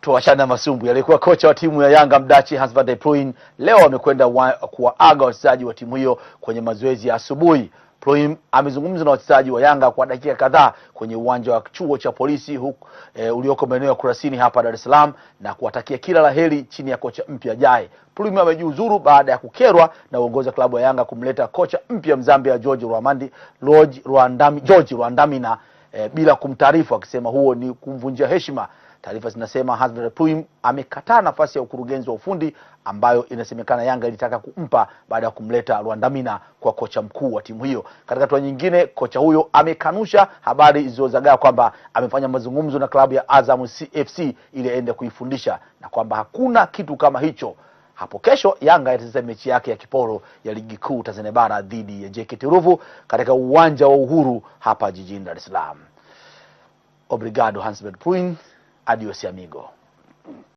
Tuachana masumbu. Aliyekuwa kocha wa timu ya Yanga Mdachi Hans van der leo amekwenda kuwaaga wachezaji wa timu hiyo kwenye mazoezi ya asubuhi. Pluijm amezungumza na wachezaji wa Yanga kwa dakika kadhaa kwenye uwanja wa chuo cha polisi e, ulioko maeneo ya Kurasini hapa Dar es Salaam na kuwatakia kila la heri chini ya kocha mpya jae Pluijm amejiuzuru baada ya kukerwa na uongozi wa klabu ya Yanga kumleta kocha mpya Mzambia George Rwamandi George Rwandamina e, eh, bila kumtaarifu akisema huo ni kumvunjia heshima. Taarifa zinasema Hasbrouck Puim amekataa nafasi ya ukurugenzi wa ufundi ambayo inasemekana Yanga ilitaka kumpa baada ya kumleta Rwandamina kwa kocha mkuu wa timu hiyo. Katika hatua nyingine, kocha huyo amekanusha habari zilizozagaa kwamba amefanya mazungumzo na klabu ya Azam FC ili aende kuifundisha na kwamba hakuna kitu kama hicho. Hapo kesho Yanga itacheza mechi yake ya kiporo ya ligi kuu Tanzania bara dhidi ya JKT Ruvu katika uwanja wa Uhuru hapa jijini Dar es Salaam. Obrigado Hansbert Puin. Adiós y amigo.